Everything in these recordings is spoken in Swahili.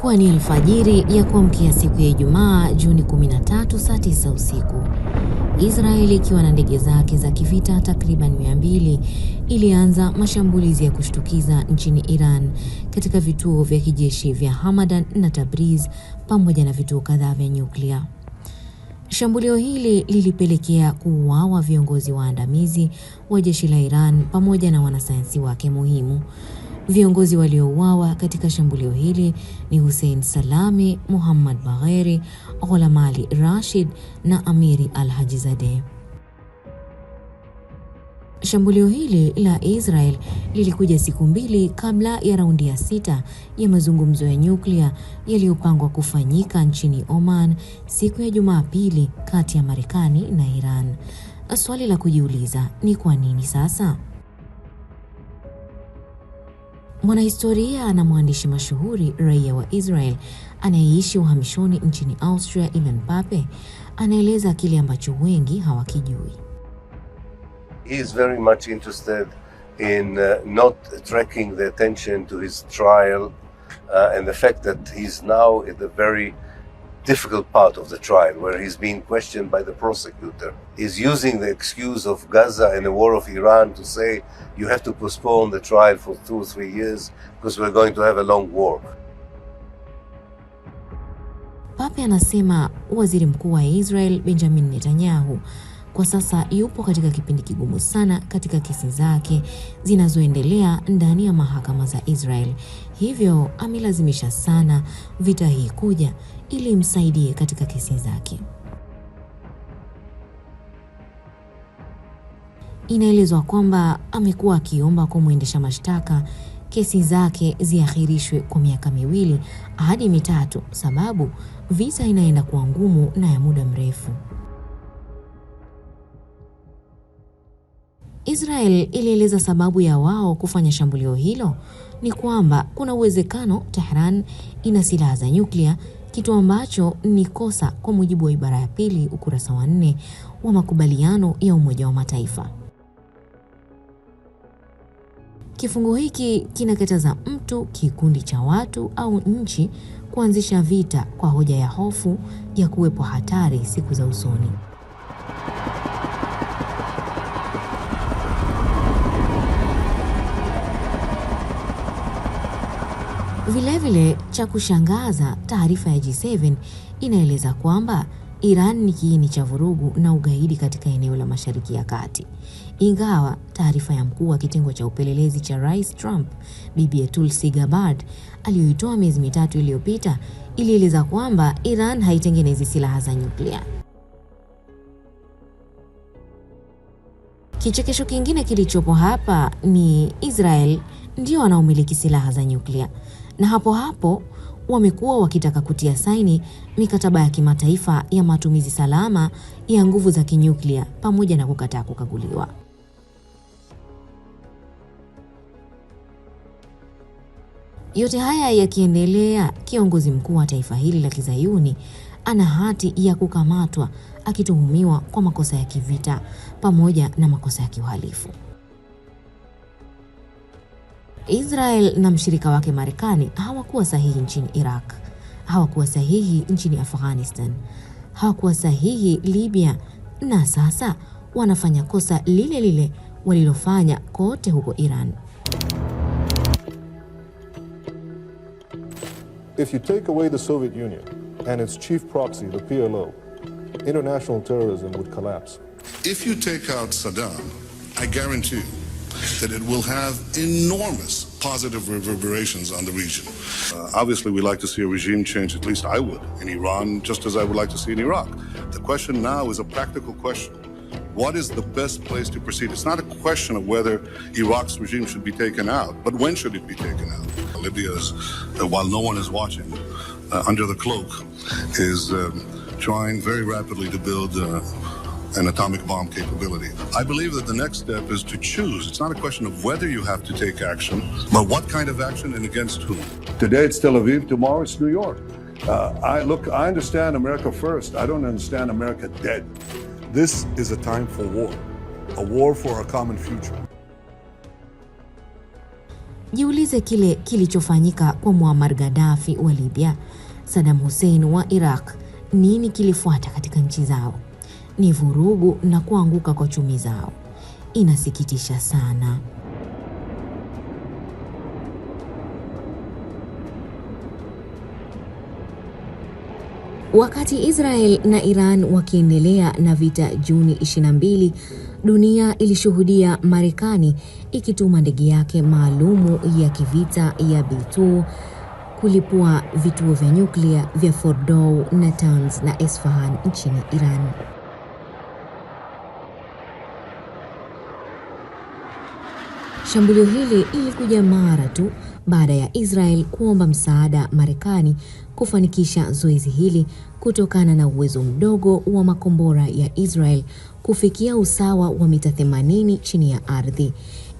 Ilikuwa ni alfajiri ya kuamkia siku ya Ijumaa Juni 13 saa 9 usiku. Israeli ikiwa na ndege zake za kivita takriban 200 ilianza mashambulizi ya kushtukiza nchini Iran katika vituo vya kijeshi vya Hamadan na Tabriz pamoja na vituo kadhaa vya nyuklia. Shambulio hili lilipelekea kuuawa viongozi waandamizi wa jeshi la Iran pamoja na wanasayansi wake muhimu Viongozi waliouawa katika shambulio hili ni Hussein Salami, Muhammad Bagheri, Ghulamali Rashid na Amiri Al-Hajizadeh. Shambulio hili la Israel lilikuja siku mbili kabla ya raundi ya sita ya mazungumzo ya nyuklia yaliyopangwa kufanyika nchini Oman siku ya Jumapili kati ya Marekani na Iran. Swali la kujiuliza ni kwa nini sasa? Mwanahistoria na mwandishi mashuhuri raia wa Israel anayeishi uhamishoni nchini Austria, Ilan pape anaeleza kile ambacho wengi hawakijui. He is very much interested in uh, not attracting the attention to his trial uh, and the fact that he's now at the very difficult part of the trial where he's being questioned by the prosecutor. is using the excuse of Gaza and the war of Iran to say you have to postpone the trial for two or three years because we're going to have a long war. Pape anasema waziri mkuu wa Israel Benjamin Netanyahu kwa sasa yupo katika kipindi kigumu sana katika kesi zake zinazoendelea ndani ya mahakama za Israel, hivyo amelazimisha sana vita hii kuja ili imsaidie katika kesi zake. Inaelezwa kwamba amekuwa akiomba kwa mwendesha mashtaka kesi zake ziahirishwe kwa miaka miwili hadi mitatu, sababu visa inaenda kuwa ngumu na ya muda mrefu. Israel ilieleza sababu ya wao kufanya shambulio hilo ni kwamba kuna uwezekano Tehran ina silaha za nyuklia, kitu ambacho ni kosa kwa mujibu wa ibara ya pili ukurasa wa nne wa makubaliano ya Umoja wa Mataifa. Kifungu hiki kinakataza mtu, kikundi cha watu au nchi kuanzisha vita kwa hoja ya hofu ya kuwepo hatari siku za usoni. Vilevile cha kushangaza, taarifa ya G7 inaeleza kwamba Iran ni kiini cha vurugu na ugaidi katika eneo la Mashariki ya Kati. Ingawa taarifa ya mkuu wa kitengo cha upelelezi cha Rais Trump, Bibi Tulsi Gabbard, aliyoitoa miezi mitatu iliyopita ilieleza kwamba Iran haitengenezi silaha za nyuklia. Kichekesho kingine kilichopo hapa ni Israel ndio wanaomiliki silaha za nyuklia na hapo hapo wamekuwa wakitaka kutia saini mikataba ya kimataifa ya matumizi salama ya nguvu za kinyuklia pamoja na kukataa kukaguliwa. Yote haya yakiendelea, kiongozi mkuu wa taifa hili la Kizayuni ana hati ya kukamatwa akituhumiwa kwa makosa ya kivita pamoja na makosa ya kiuhalifu. Israel na mshirika wake Marekani hawakuwa sahihi nchini Iraq, hawakuwa sahihi nchini Afghanistan, hawakuwa sahihi Libya, na sasa wanafanya kosa lile lile walilofanya kote huko Iran. If you take away the Soviet Union and its chief proxy, the PLO, international terrorism would collapse. If you take out Saddam, I guarantee you that it will have enormous positive reverberations on the region. Uh, obviously, we like to see a regime change, at least I would, in Iran, just as I would like to see in Iraq. The question now is a practical question. What is the best place to proceed? It's not a question of whether Iraq's regime should be taken out, but when should it be taken out? Libya is, uh, while no one is watching, uh, under the cloak, is um, trying very rapidly to build uh, an atomic bomb capability. I believe that the next step is to choose. It's not a question of whether you have to take action, but what kind of action and against whom. Today it's Tel Aviv, tomorrow it's New York. Uh, I look, I understand America first. I don't understand America dead. This is a time for war, a war for our common future. Jiulize kile kilichofanyika kwa Muammar Gaddafi wa Libya, Saddam Hussein wa Iraq. Nini kilifuata katika nchi zao? ni vurugu na kuanguka kwa chumi zao. Inasikitisha sana. Wakati Israel na Iran wakiendelea na vita Juni 22, dunia ilishuhudia Marekani ikituma ndege yake maalumu ya kivita ya B2 kulipua vituo vya nyuklia vya Fordow, Natanz na Esfahan nchini Iran. Shambulio hili lilikuja mara tu baada ya Israel kuomba msaada Marekani kufanikisha zoezi hili kutokana na uwezo mdogo wa makombora ya Israel kufikia usawa wa mita 80 chini ya ardhi,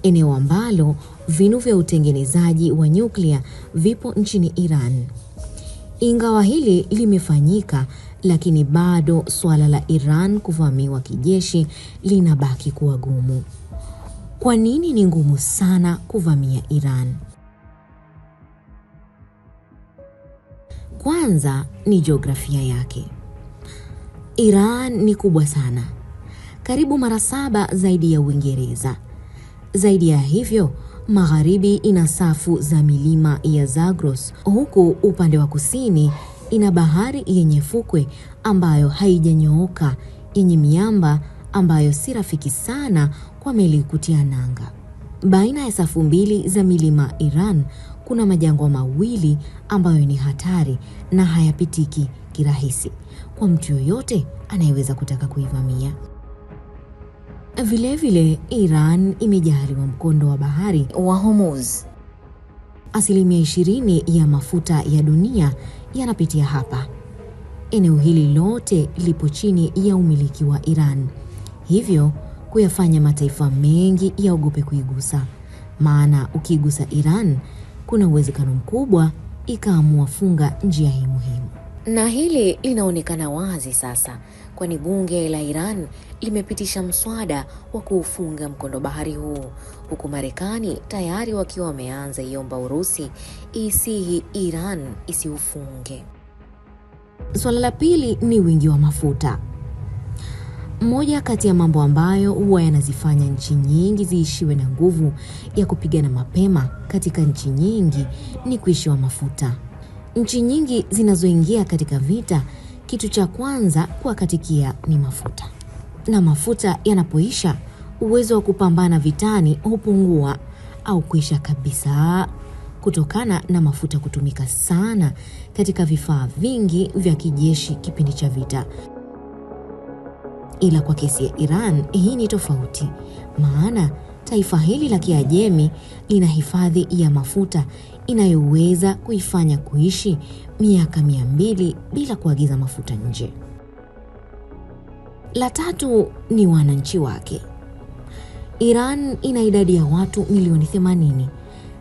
eneo ambalo vinu vya utengenezaji wa nyuklia vipo nchini Iran. Ingawa hili limefanyika, lakini bado suala la Iran kuvamiwa kijeshi linabaki kuwa gumu kwa nini ni ngumu sana kuvamia Iran? Kwanza ni jiografia yake. Iran ni kubwa sana, karibu mara saba zaidi ya Uingereza. Zaidi ya hivyo, magharibi ina safu za milima ya Zagros, huku upande wa kusini ina bahari yenye fukwe ambayo haijanyooka yenye miamba ambayo si rafiki sana kwa meli kutia nanga. Baina ya safu mbili za milima Iran kuna majangwa mawili ambayo ni hatari na hayapitiki kirahisi kwa mtu yoyote anayeweza kutaka kuivamia. Vilevile, Iran imejaliwa mkondo wa bahari wa Hormuz. Asilimia ishirini ya mafuta ya dunia yanapitia hapa. Eneo hili lote lipo chini ya umiliki wa Iran, hivyo kuyafanya mataifa mengi yaogope kuigusa, maana ukiigusa Iran kuna uwezekano mkubwa ikaamua funga njia hii muhimu. Na hili linaonekana wazi sasa, kwani bunge la Iran limepitisha mswada wa kuufunga mkondo bahari huu, huku Marekani tayari wakiwa wameanza iomba Urusi isihi Iran isiufunge. Suala la pili ni wingi wa mafuta. Moja kati ya mambo ambayo huwa yanazifanya nchi nyingi ziishiwe na nguvu ya kupigana mapema katika nchi nyingi ni kuishiwa mafuta. Nchi nyingi zinazoingia katika vita, kitu cha kwanza kuwakatikia ni mafuta, na mafuta yanapoisha, uwezo wa kupambana vitani hupungua au kuisha kabisa, kutokana na mafuta kutumika sana katika vifaa vingi vya kijeshi kipindi cha vita. Ila kwa kesi ya Iran hii ni tofauti, maana taifa hili la Kiajemi lina hifadhi ya mafuta inayoweza kuifanya kuishi miaka mia mbili bila kuagiza mafuta nje. La tatu ni wananchi wake. Iran ina idadi ya watu milioni 80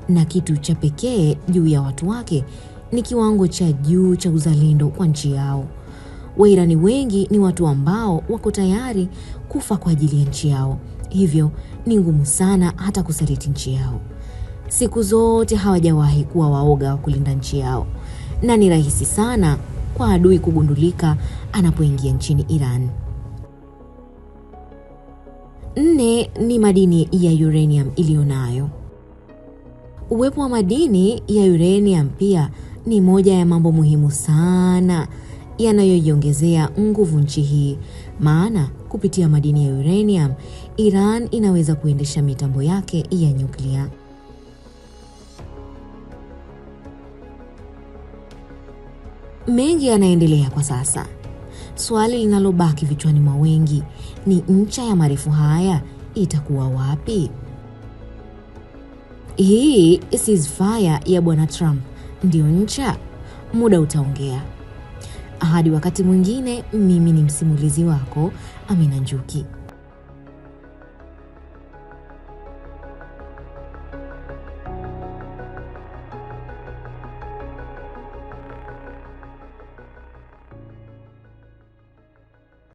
na kitu cha pekee juu ya watu wake ni kiwango cha juu cha uzalendo kwa nchi yao. Wairani wengi ni watu ambao wako tayari kufa kwa ajili ya nchi yao, hivyo ni ngumu sana hata kusaliti nchi yao. Siku zote hawajawahi kuwa waoga wa kulinda nchi yao, na ni rahisi sana kwa adui kugundulika anapoingia nchini Iran. Nne ni madini ya uranium iliyo nayo Uwepo wa madini ya uranium pia ni moja ya mambo muhimu sana yanayoiongezea nguvu nchi hii, maana kupitia madini ya uranium Iran inaweza kuendesha mitambo yake ya nyuklia. Mengi yanaendelea kwa sasa. Swali linalobaki vichwani mwa wengi ni ncha ya marefu haya itakuwa wapi? Hii ceasefire ya Bwana Trump ndio ncha? Muda utaongea. Hadi wakati mwingine, mimi ni msimulizi wako Amina Njuki.